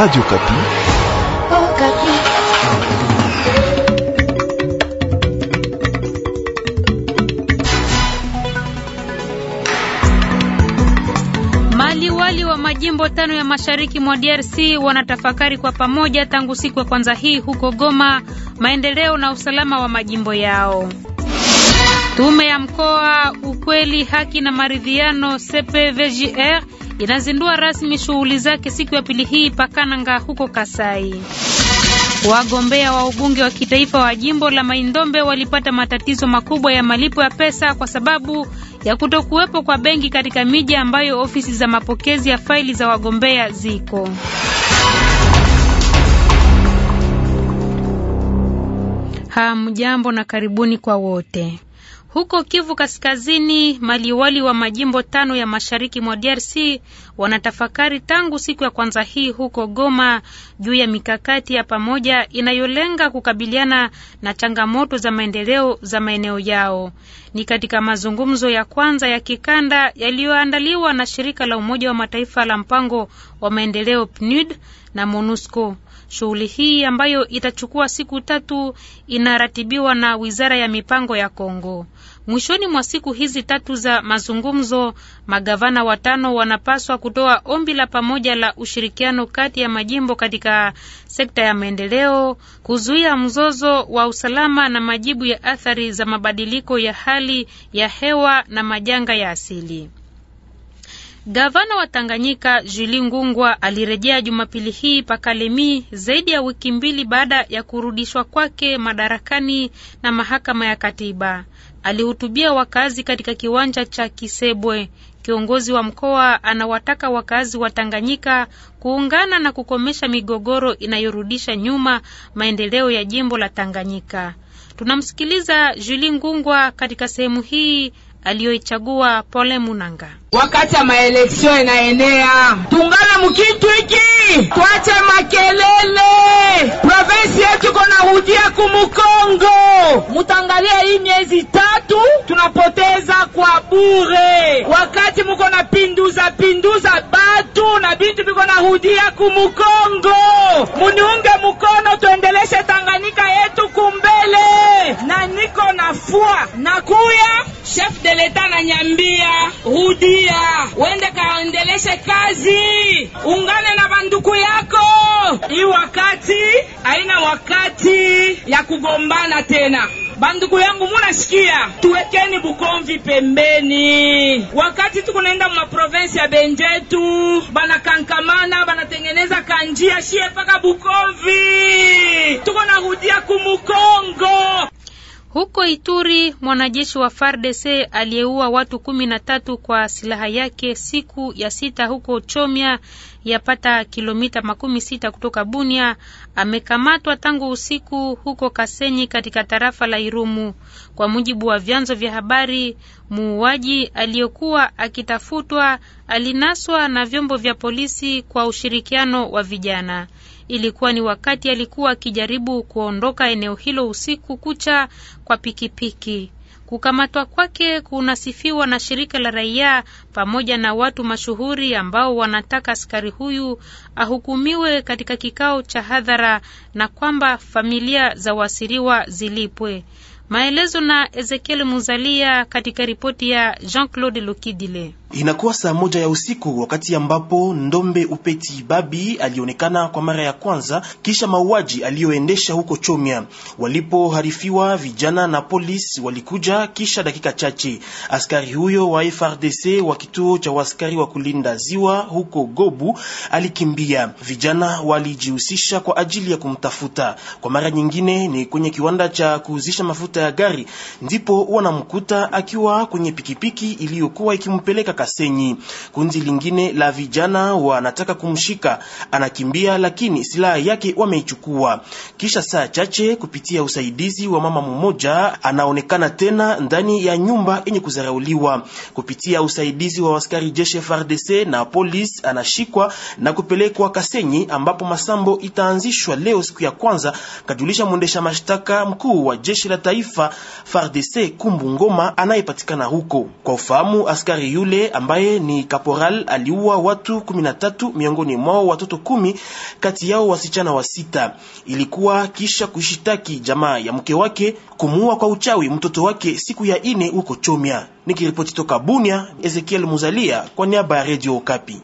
Radio Kapi. Oh, Kapi. Maliwali wa majimbo tano ya mashariki mwa DRC wanatafakari kwa pamoja tangu siku ya kwanza hii huko Goma maendeleo na usalama wa majimbo yao. Tume ya mkoa ukweli, haki na maridhiano CPVJR inazindua rasmi shughuli zake siku ya pili hii Pakananga huko Kasai. Wagombea wa ubunge wa kitaifa wa jimbo la Maindombe walipata matatizo makubwa ya malipo ya pesa kwa sababu ya kutokuwepo kwa benki katika miji ambayo ofisi za mapokezi ya faili za wagombea ziko. Hamjambo na karibuni kwa wote. Huko Kivu Kaskazini, maliwali wa majimbo tano ya mashariki mwa DRC wanatafakari tangu siku ya kwanza hii huko Goma juu ya mikakati ya pamoja inayolenga kukabiliana na changamoto za maendeleo za maeneo yao. Ni katika mazungumzo ya kwanza ya kikanda yaliyoandaliwa na shirika la Umoja wa Mataifa la mpango wa maendeleo PNUD na MONUSCO. Shughuli hii ambayo itachukua siku tatu inaratibiwa na Wizara ya Mipango ya Kongo. Mwishoni mwa siku hizi tatu za mazungumzo, magavana watano wanapaswa kutoa ombi la pamoja la ushirikiano kati ya majimbo katika sekta ya maendeleo, kuzuia mzozo wa usalama na majibu ya athari za mabadiliko ya hali ya hewa na majanga ya asili. Gavana wa Tanganyika Julie Ngungwa alirejea Jumapili hii Pakalemi zaidi ya wiki mbili baada ya kurudishwa kwake madarakani na mahakama ya katiba alihutubia wakazi katika kiwanja cha Kisebwe. Kiongozi wa mkoa anawataka wakazi wa Tanganyika kuungana na kukomesha migogoro inayorudisha nyuma maendeleo ya jimbo la Tanganyika. Tunamsikiliza Julie Ngungwa katika sehemu hii aliyoichagua Pole Munanga. Wakati ya maeleksio inaenea, tungana mukitu twache makelele. provensi yetu hujia kumukongo, mutangalia hii miezi tatu tunapoteza kwa bure, wakati muko na pinduza pinduza batu na bintu biko hujia kumukongo. Muniunge mukono, tuendeleshe Tanganyika yetu kumbele, na niko na fua nakuya chef de leta nanyambia, rudia wende kaendeleshe kazi, ungane na banduku yako. Hii wakati haina wakati ya kugombana tena. Banduku yangu munasikia, tuwekeni bukomvi pembeni. Wakati tukunaenda mumaprovensi ya benjetu, banakankamana banatengeneza kanjia shie mpaka Bukomvi, tuko narudia kumukongo huko Ituri, mwanajeshi wa FARDC aliyeua watu kumi na tatu kwa silaha yake siku ya sita huko Chomia, yapata kilomita makumi sita kutoka Bunia, amekamatwa tangu usiku huko Kasenyi katika tarafa la Irumu. Kwa mujibu wa vyanzo vya habari, muuaji aliyekuwa akitafutwa alinaswa na vyombo vya polisi kwa ushirikiano wa vijana. Ilikuwa ni wakati alikuwa akijaribu kuondoka eneo hilo usiku kucha kwa pikipiki. Kukamatwa kwake kunasifiwa na shirika la raia pamoja na watu mashuhuri ambao wanataka askari huyu ahukumiwe katika kikao cha hadhara na kwamba familia za wasiriwa zilipwe. Maelezo na Ezekiel Muzalia katika ripoti ya Jean-Claude Lokidile. Inakuwa saa moja ya usiku wakati ambapo Ndombe Upeti Babi alionekana kwa mara ya kwanza kisha mauaji aliyoendesha huko Chomia. Walipoharifiwa vijana na polisi walikuja kisha dakika chache. Askari huyo wa FRDC wa kituo cha waskari wa kulinda ziwa huko Gobu alikimbia. Vijana walijihusisha kwa ajili ya kumtafuta. Kwa mara nyingine ni kwenye kiwanda cha kuuzisha mafuta mafuta ya gari, ndipo wanamkuta akiwa kwenye pikipiki iliyokuwa ikimpeleka Kasenyi. Kundi lingine la vijana wanataka kumshika, anakimbia, lakini silaha yake wameichukua. Kisha saa chache, kupitia usaidizi wa mama mmoja, anaonekana tena ndani ya nyumba yenye kuzarauliwa. Kupitia usaidizi wa askari jeshi FARDC na polisi, anashikwa na kupelekwa Kasenyi ambapo masambo itaanzishwa leo siku ya kwanza, kajulisha mwendesha mashtaka mkuu wa jeshi la taifa taifa FARDC Kumbu Ngoma anayepatikana huko. Kwa ufahamu, askari yule ambaye ni kaporal aliua watu 13 miongoni mwao watoto kumi, kati yao wasichana wa sita. Ilikuwa kisha kushitaki jamaa ya mke wake kumuua kwa uchawi mtoto wake siku ya ine huko Chomia. Nikiripoti toka Bunia, Ezekiel Muzalia kwa niaba ya Radio Okapi.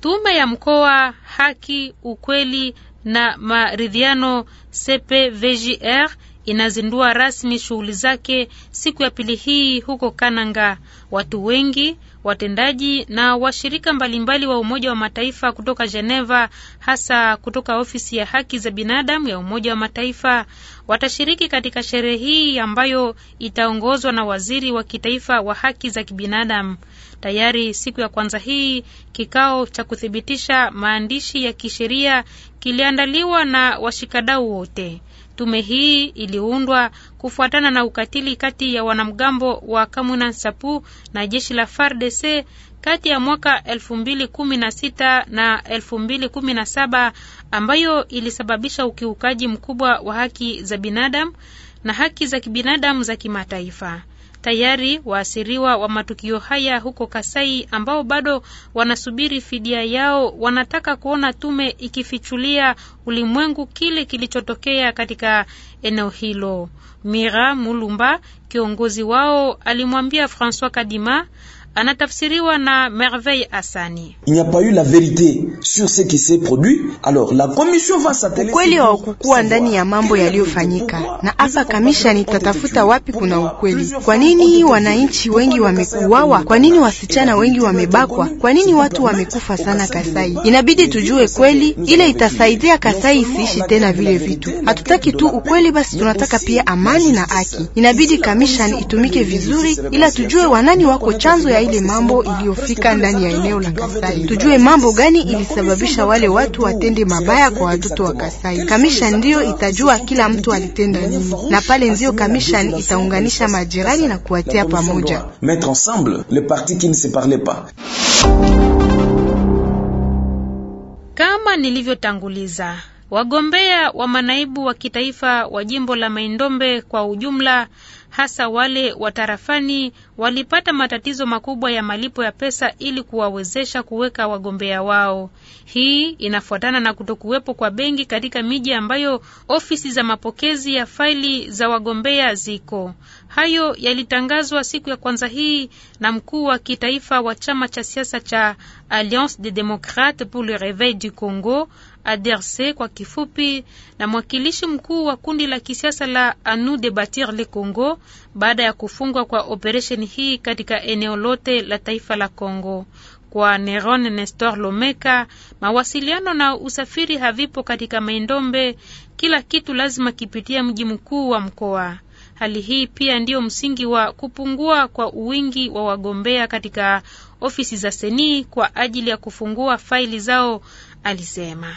Tume ya mkoa haki, ukweli na maridhiano CPVJR inazindua rasmi shughuli zake siku ya pili hii huko Kananga. Watu wengi, watendaji na washirika mbalimbali wa Umoja wa Mataifa kutoka Geneva, hasa kutoka ofisi ya haki za binadamu ya Umoja wa Mataifa, watashiriki katika sherehe hii ambayo itaongozwa na waziri wa kitaifa wa haki za kibinadamu. Tayari siku ya kwanza hii kikao cha kuthibitisha maandishi ya kisheria kiliandaliwa na washikadau wote. Tume hii iliundwa kufuatana na ukatili kati ya wanamgambo wa Kamuna Nsapu na jeshi la FARDC kati ya mwaka 2016 na 2017 ambayo ilisababisha ukiukaji mkubwa wa haki za binadamu na haki za kibinadamu za kimataifa. Tayari waasiriwa wa matukio haya huko Kasai ambao bado wanasubiri fidia yao wanataka kuona tume ikifichulia ulimwengu kile kilichotokea katika eneo hilo. Mira Mulumba, kiongozi wao, alimwambia Francois Kadima anatafsiriwa na Merveille Asani. il pas la la sur alors va Ukweli haukukuwa ndani ya mambo yaliyofanyika, na hapa kamishani nitatafuta wapi kuna ukweli. Kwa nini wananchi wengi wamekuwawa? Kwa nini wasichana wengi wamebakwa? Kwa nini watu wamekufa sana Kasai? Inabidi tujue kweli, ile itasaidia Kasai isiishi tena vile vitu. Hatutaki tu ukweli basi, tunataka pia amani na haki. Inabidi kamishani itumike vizuri, ila tujue wanani wako chanzo ya kuchunguza ile mambo iliyofika ndani ya eneo la Kasai, tujue mambo gani ilisababisha wale watu watende mabaya kwa watoto wa Kasai. Kamisha ndiyo itajua kila mtu alitenda nini, na pale ndiyo kamisha itaunganisha majirani na kuwatia pamoja. Mettre ensemble les parties qui ne se parlaient pas. Kama nilivyotanguliza Wagombea wa manaibu wa kitaifa wa jimbo la Maindombe kwa ujumla, hasa wale wa tarafani, walipata matatizo makubwa ya malipo ya pesa ili kuwawezesha kuweka wagombea wao. Hii inafuatana na kutokuwepo kwa benki katika miji ambayo ofisi za mapokezi ya faili za wagombea ziko. Hayo yalitangazwa siku ya kwanza hii na mkuu wa kitaifa wa chama cha siasa cha Alliance des Democrates pour le Reveil du Congo ADRC kwa kifupi, na mwakilishi mkuu wa kundi la kisiasa la Anu de Batir le Congo baada ya kufungwa kwa operesheni hii katika eneo lote la taifa la Congo. Kwa Neron Nestor Lomeka, mawasiliano na usafiri havipo katika Maindombe. Kila kitu lazima kipitia mji mkuu wa mkoa. Hali hii pia ndiyo msingi wa kupungua kwa uwingi wa wagombea katika ofisi za Seni kwa ajili ya kufungua faili zao, alisema.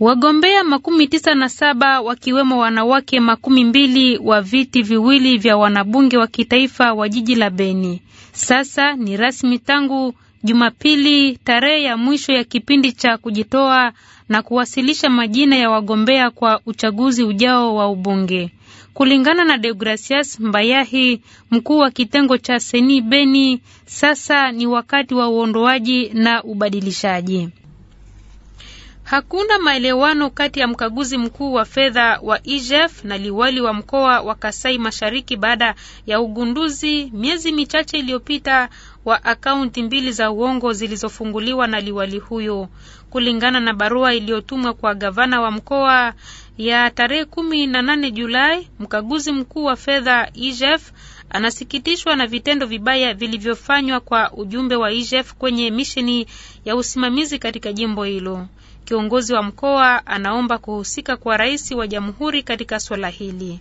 Wagombea makumi tisa na saba wakiwemo wanawake makumi mbili wa viti viwili vya wanabunge wa kitaifa wa jiji la Beni sasa ni rasmi tangu Jumapili tarehe ya mwisho ya kipindi cha kujitoa na kuwasilisha majina ya wagombea kwa uchaguzi ujao wa ubunge. Kulingana na Deogracias Mbayahi, mkuu wa kitengo cha Seni Beni, sasa ni wakati wa uondoaji na ubadilishaji. Hakuna maelewano kati ya mkaguzi mkuu wa fedha wa IGF na liwali wa mkoa wa Kasai Mashariki baada ya ugunduzi miezi michache iliyopita wa akaunti mbili za uongo zilizofunguliwa na liwali huyo. Kulingana na barua iliyotumwa kwa gavana wa mkoa ya tarehe kumi na nane Julai, mkaguzi mkuu wa fedha IGF anasikitishwa na vitendo vibaya vilivyofanywa kwa ujumbe wa IGF kwenye misheni ya usimamizi katika jimbo hilo. Kiongozi wa mkoa anaomba kuhusika kwa rais wa jamhuri katika swala hili.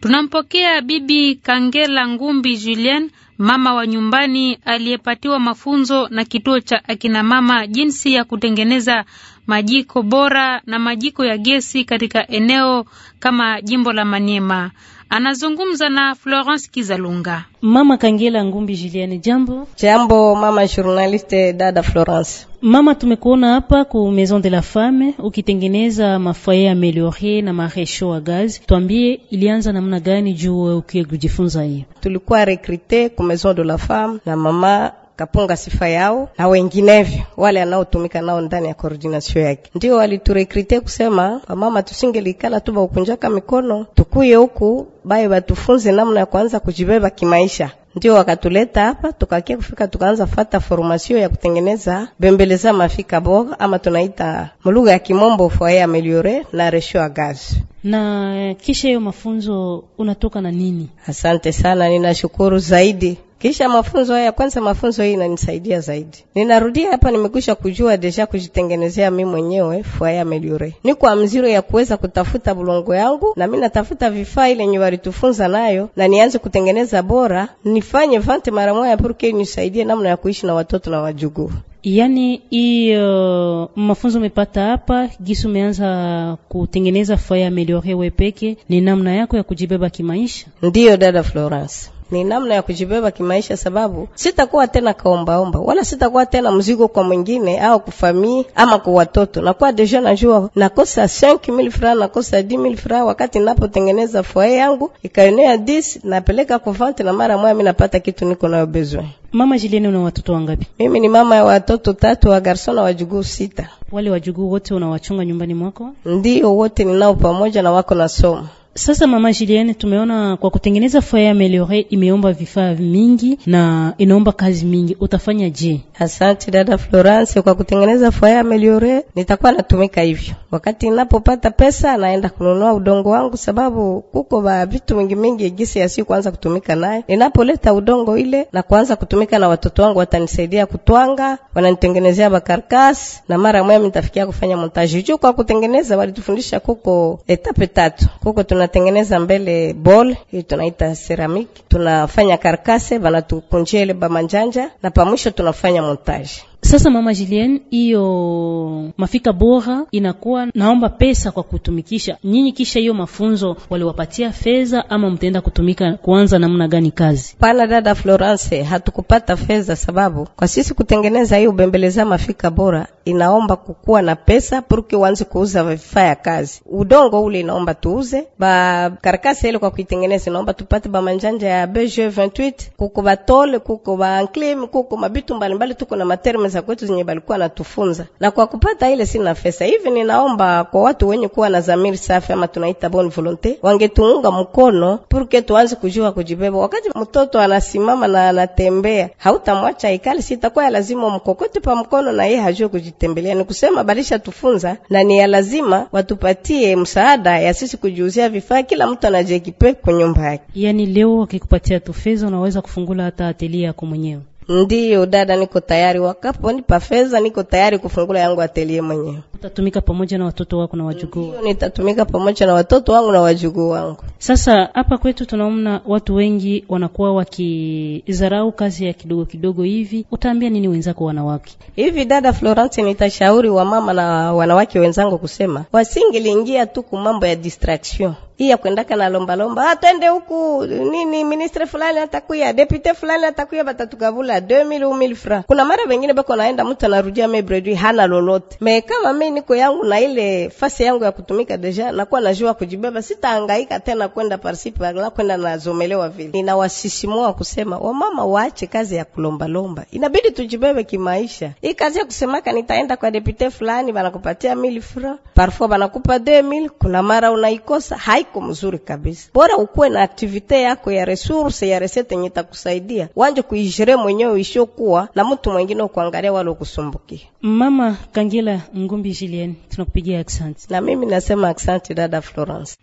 Tunampokea Bibi Kangela Ngumbi Julien, mama wa nyumbani aliyepatiwa mafunzo na kituo cha akina mama jinsi ya kutengeneza majiko bora na majiko ya gesi katika eneo kama jimbo la Maniema. Anazungumza na Florence Kizalunga. Mama Kangela Ngumbi Juliane, jambo. Jambo mama journaliste dada Florence. Mama, tumekuona hapa ku Maison de la Femme ukitengeneza mafaye ameliore na maresho a gazi. tuambie ilianza namna gani juu ukiye kujifunza hiyo? Tulikuwa rekrite ku Maison de la Femme na mama kapunga sifa yao na wenginevyo wale anaotumika nao ndani ya koordinasio yake. Ndio waliturekrite kusema mama, tusingelikala tu baukunjaka mikono, tukuye huku baye batufunze namna ya kuanza kujibeba kimaisha. Ndio wakatuleta hapa, tukakia kufika, tukaanza fata formasio ya kutengeneza bembeleza mafika bora, ama tunaita mlugha ya kimombo foyer ameliore na resho ya gazi na kisha hiyo mafunzo unatoka na nini? Asante sana, ninashukuru zaidi kisha mafunzo haya kwanza, mafunzo hii inanisaidia zaidi. Ninarudia hapa, nimekwisha kujua deja kujitengenezea mimi mwenyewe meliore ni niko amziro ya kuweza kutafuta bulongo yangu, na mimi natafuta vifaa ile yenye walitufunza nayo, na nianze kutengeneza bora, nifanye vante mara moja, purke nisaidie namna ya kuishi na watoto na wajukuu. Yaani hiyo uh, mafunzo umepata hapa gisu umeanza kutengeneza foyer ameliore wepeke, ni namna yako ya kujibeba kimaisha. Ndiyo dada Florence ni namna ya kujibeba kimaisha, sababu sitakuwa tena kaombaomba wala sitakuwa tena mzigo kwa mwingine au kufamii ama kwa watoto. Nakuwa deja najua nakosa 5000 francs, nakosa 10000 francs wakati ninapotengeneza foyer yangu ikaenea 10 napeleka kwa vante, na mara moja mimi napata kitu niko nayo bezwe. Mama Jilene, una watoto wangapi? Mimi ni mama ya watoto tatu wa garso na wajukuu sita. Wale wajukuu wote unawachunga nyumbani mwako? Ndio, wote ninao pamoja na wako na somo sasa mama Julienne, tumeona kwa kutengeneza foyer ameliore imeomba vifaa mingi na inaomba kazi mingi, utafanya je? Asante dada Florence, kwa kutengeneza foyer ameliore nitakuwa natumika hivyo. Wakati ninapopata pesa naenda kununua udongo wangu, sababu kuko ba vitu mingi mingi gisi yasi kuanza kutumika naye. Ninapoleta udongo ile na kuanza kutumika na watoto wangu, watanisaidia kutwanga, wananitengenezea bakarkas na mara moja nitafikia kufanya montage juu. Kwa kutengeneza walitufundisha kuko etape tatu, kuko tuna tunatengeneza mbele ball hii tunaita ceramic, tunafanya karkase, vanatukunjia ile bamanjanja, na pamwisho tunafanya montage. Sasa mama Julien, hiyo mafika bora inakuwa naomba pesa kwa kutumikisha nyinyi, kisha hiyo mafunzo waliwapatia fedha ama mtaenda kutumika kuanza namna gani kazi pala? Dada Florence, hatukupata fedha, sababu kwa sisi kutengeneza hiyo bembeleza mafika bora inaomba kukuwa na pesa purki wanze kuuza vifaa ya kazi. Udongo ule inaomba tuuze, ba karakasi ile kwa kuitengeneza inaomba tupate ba manjanja ya BG 28 kuko batole, kuko ba enclime, kuko mabitu mbalimbali, tuko na materials za kwetu zenye balikuwa natufunza, na kwa kupata ile sina pesa hivi. Ninaomba kwa watu wenye kuwa na zamiri safi, ama tunaita bon volonté, wangetuunga mkono purke tuanze kujua kujibeba. Wakati mtoto anasimama na anatembea, hautamwacha ikali, sitakuwa ya lazima mkokote pa mkono na yeye hajue kujitembelea. Ni kusema balisha tufunza, na ni ya lazima watupatie msaada ya sisi kujiuzia vifaa, kila mtu anajekipe kwa nyumba yake. Yani leo wakikupatia tufeza, unaweza kufungula hata atelia yako mwenyewe. Ndiyo dada, niko tayari, wakaponipa fedha niko tayari kufungula yangu atelie mwenyewe. Utatumika pamoja na watoto wako na wajukuu? Ndiyo, nitatumika pamoja na watoto wangu na wajukuu wangu. Sasa hapa kwetu tunaona watu wengi wanakuwa wakizarau kazi ya kidogo kidogo hivi, utaambia nini wenzako wanawake hivi? Dada Florence, nitashauri wamama na wanawake wenzangu kusema wasingiliingia tu kumambo ya distraction hii ya kwendaka na lomba lomba, ah, twende huku nini, ministre fulani atakuya, depute fulani atakuya, batatugavula 2000 1000 Kuna mara wengine bako naenda, mtu anarudia mebredui hana lolote. Me kama mimi niko yangu na ile fasi yangu ya kutumika deja, nakuwa najua kujibeba, sitahangaika tena kwenda parsipa la kwenda nazomelewa vile. Ninawasisimua kusema wamama oh, waache kazi ya kulomba lomba, inabidi tujibebe kimaisha. Hii kazi ya kusemaka nitaenda kwa depute fulani, banakupatia 1000 francs, parfois banakupa 2000, kuna mara unaikosa hai haiko mzuri kabisa. Bora ukuwe na aktivite yako ya resource ya resete yenye takusaidia wanje kuijire mwenyewe, ishokuwa na mtu mwengine ukuangalia wale ukusumbukia. Mama Kangela Ngumbi Julienne, tunakupigia aksanti. Na mimi nasema aksanti dada Florence.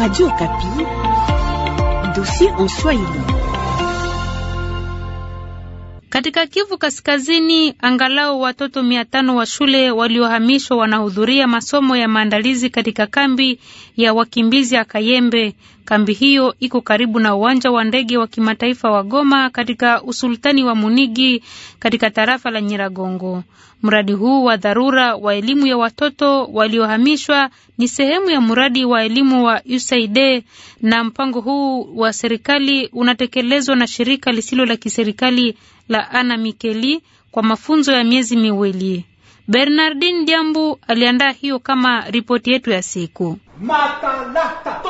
Radio Kapi, dossier en Swahili. Katika Kivu Kaskazini, angalau watoto mia tano wa shule waliohamishwa wanahudhuria masomo ya maandalizi katika kambi ya wakimbizi ya Kayembe. Kambi hiyo iko karibu na uwanja wa ndege wa kimataifa wa Goma katika usultani wa Munigi katika tarafa la Nyiragongo. Mradi huu wa dharura wa elimu ya watoto waliohamishwa ni sehemu ya mradi wa elimu wa USAID na mpango huu wa serikali unatekelezwa na shirika lisilo la kiserikali la Ana Mikeli kwa mafunzo ya miezi miwili. Bernardin Diambu aliandaa hiyo kama ripoti yetu ya siku Matalata.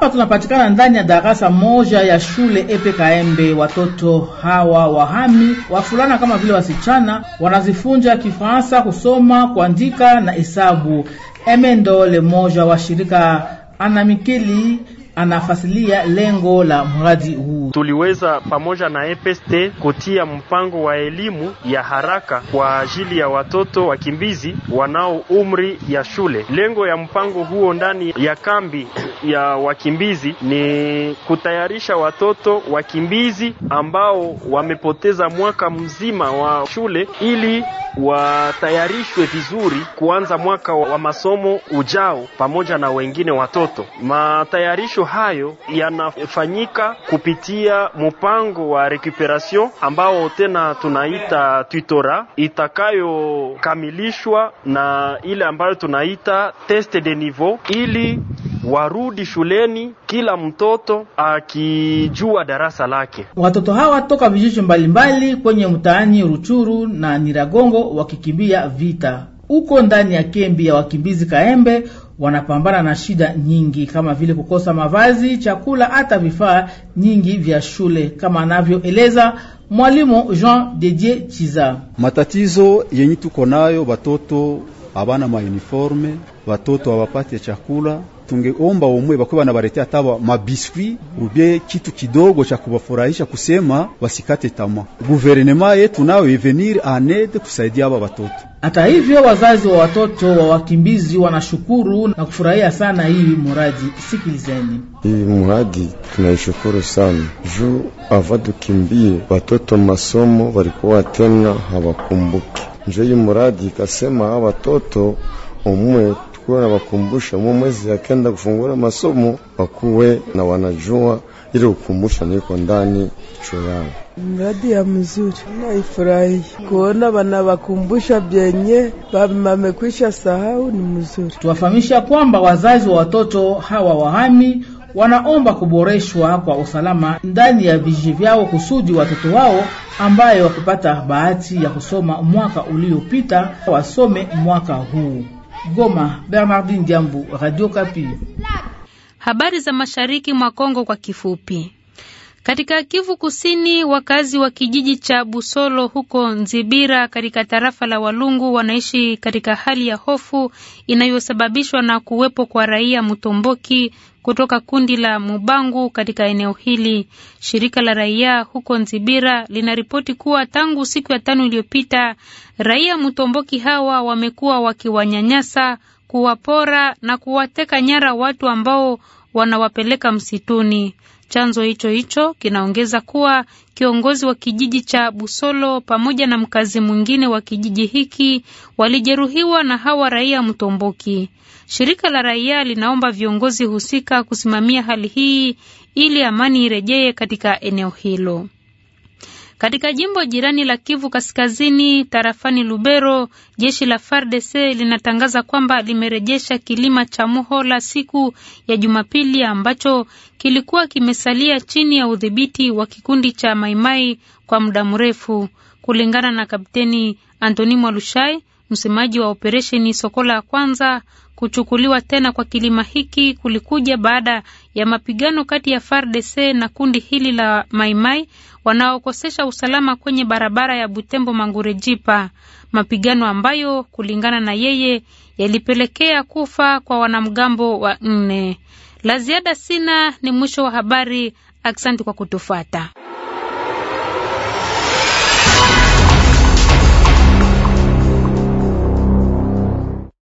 Hapa tunapatikana ndani ya darasa moja ya shule EPKMB. Watoto hawa wahami wafulana kama vile wasichana wanazifunja Kifaransa, kusoma, kuandika na hesabu. Emendole moja wa shirika Anamikili anafasilia lengo la mradi huu tuliweza pamoja na EPST kutia mpango wa elimu ya haraka kwa ajili ya watoto wakimbizi wanao umri ya shule. Lengo ya mpango huo ndani ya kambi ya wakimbizi ni kutayarisha watoto wakimbizi ambao wamepoteza mwaka mzima wa shule ili watayarishwe vizuri kuanza mwaka wa masomo ujao pamoja na wengine watoto. Matayarisho hayo yanafanyika kupitia pia mpango wa recuperation ambao tena tunaita tutora, itakayokamilishwa na ile ambayo tunaita test de niveau, ili warudi shuleni kila mtoto akijua darasa lake. Watoto hawa toka vijiji mbalimbali kwenye mtaani Ruchuru na Niragongo wakikimbia vita uko ndani ya kembi ya wakimbizi Kaembe wanapambana na shida nyingi kama vile kukosa mavazi, chakula, hata vifaa nyingi vya shule, kama anavyoeleza mwalimu Jean dedie Chiza. Matatizo yenye tuko nayo, watoto havana mauniforme, watoto hawapate chakula tungeomba omwe bakwe banabaletea hata mabiswi ubye kitu kidogo cha kubafurahisha, kusema wasikate tama. Guverinema yetu nayo ivenir e anede kusaidia aba watoto. Hata hivyo, wazazi wa watoto wa wakimbizi wanashukuru na kufurahia sana hii muradi. Sikilizeni hii muradi, tunaishukuru sana juu avadukimbie watoto masomo walikuwa tena hawakumbuki njo hii muradi ikasema watoto omwe kuwa wakumbusha mu mwezi kenda kufungura masomo wakuwe na wanajua ili ukumbusha niko ndani chuo yao. Mradi ya mzuri naifurahi kuona wanawakumbusha vyenye wamekwisha sahau, ni mzuri. Tuwafahamisha kwamba wazazi wa watoto hawa wahami wanaomba kuboreshwa kwa usalama ndani ya vijiji vyao kusudi watoto wao ambayo wakupata bahati ya kusoma mwaka uliopita wasome mwaka huu. Goma, Bernardin Diambu, Radio Kapi. Habari za mashariki mwa Kongo kwa kifupi. Katika Kivu Kusini, wakazi wa kijiji cha Busolo huko Nzibira katika tarafa la Walungu wanaishi katika hali ya hofu inayosababishwa na kuwepo kwa raia mtomboki kutoka kundi la Mubangu katika eneo hili. Shirika la raia huko Nzibira linaripoti kuwa tangu siku ya tano iliyopita raia Mutomboki hawa wamekuwa wakiwanyanyasa, kuwapora na kuwateka nyara watu ambao wanawapeleka msituni. Chanzo hicho hicho kinaongeza kuwa kiongozi wa kijiji cha Busolo pamoja na mkazi mwingine wa kijiji hiki walijeruhiwa na hawa raia Mtomboki. Shirika la raia linaomba viongozi husika kusimamia hali hii ili amani irejee katika eneo hilo. Katika jimbo jirani la Kivu Kaskazini, tarafani Lubero, jeshi la FARDC linatangaza kwamba limerejesha kilima cha Muhola siku ya Jumapili ambacho kilikuwa kimesalia chini ya udhibiti wa kikundi cha Maimai kwa muda mrefu, kulingana na Kapteni Antoni Mwalushai, Msemaji wa operesheni Sokola ya kwanza. Kuchukuliwa tena kwa kilima hiki kulikuja baada ya mapigano kati ya FARDC na kundi hili la Maimai wanaokosesha usalama kwenye barabara ya Butembo Mangurejipa, mapigano ambayo kulingana na yeye yalipelekea kufa kwa wanamgambo wa nne. La ziada sina, ni mwisho wa habari. aksanti kwa kutufuata.